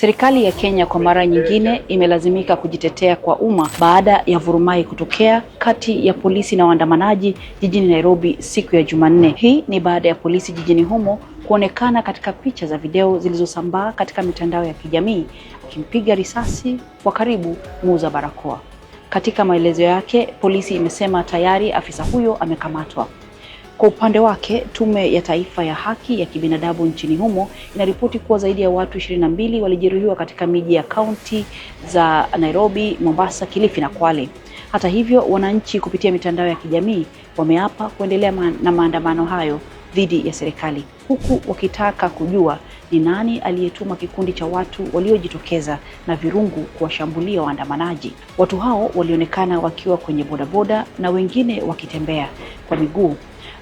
Serikali ya Kenya kwa mara nyingine imelazimika kujitetea kwa umma baada ya vurumai kutokea kati ya polisi na waandamanaji jijini Nairobi siku ya Jumanne. Hii ni baada ya polisi jijini humo kuonekana katika picha za video zilizosambaa katika mitandao ya kijamii akimpiga risasi kwa karibu muuza barakoa. Katika maelezo yake, polisi imesema tayari afisa huyo amekamatwa. Kwa upande wake, Tume ya Taifa ya Haki ya Kibinadamu nchini humo inaripoti kuwa zaidi ya watu 22 walijeruhiwa katika miji ya kaunti za Nairobi, Mombasa, Kilifi na Kwale. Hata hivyo, wananchi kupitia mitandao ya kijamii wameapa kuendelea na maandamano hayo dhidi ya serikali huku wakitaka kujua ni nani aliyetuma kikundi cha watu waliojitokeza na virungu kuwashambulia waandamanaji. Watu hao walionekana wakiwa kwenye bodaboda na wengine wakitembea kwa miguu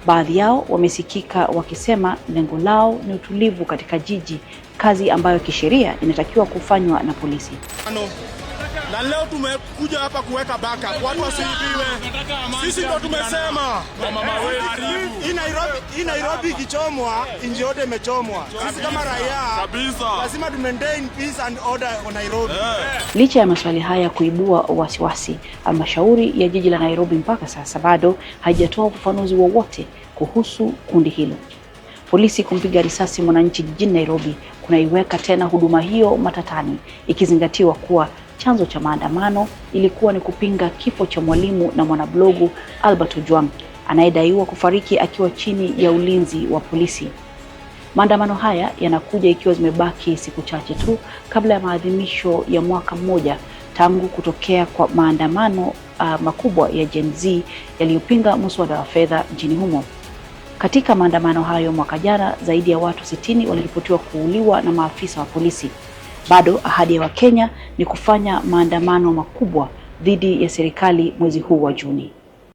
Baadhi yao wamesikika wakisema lengo lao ni utulivu katika jiji, kazi ambayo kisheria inatakiwa kufanywa na polisi na leo tumekuja hapa kuweka baka, watu wasiibiwe. Sisi ndo tumesema hii Nairobi, hii Nairobi ikichomwa, nchi yote imechomwa. Sisi kama raia lazima tu maintain peace and order on Nairobi. Eh. Licha ya maswali haya kuibua wasiwasi, halmashauri ya jiji la Nairobi mpaka sasa bado haijatoa ufafanuzi wowote kuhusu kundi hilo. Polisi kumpiga risasi mwananchi jijini Nairobi kunaiweka tena huduma hiyo matatani, ikizingatiwa kuwa Chanzo cha maandamano ilikuwa ni kupinga kifo cha mwalimu na mwanablogu Albert Ojwang anayedaiwa kufariki akiwa chini ya ulinzi wa polisi. Maandamano haya yanakuja ikiwa zimebaki siku chache tu kabla ya maadhimisho ya mwaka mmoja tangu kutokea kwa maandamano uh, makubwa ya Gen Z yaliyopinga muswada wa fedha nchini humo. Katika maandamano hayo mwaka jana, zaidi ya watu sitini waliripotiwa kuuliwa na maafisa wa polisi. Bado ahadi ya Wakenya ni kufanya maandamano makubwa dhidi ya serikali mwezi huu wa Juni.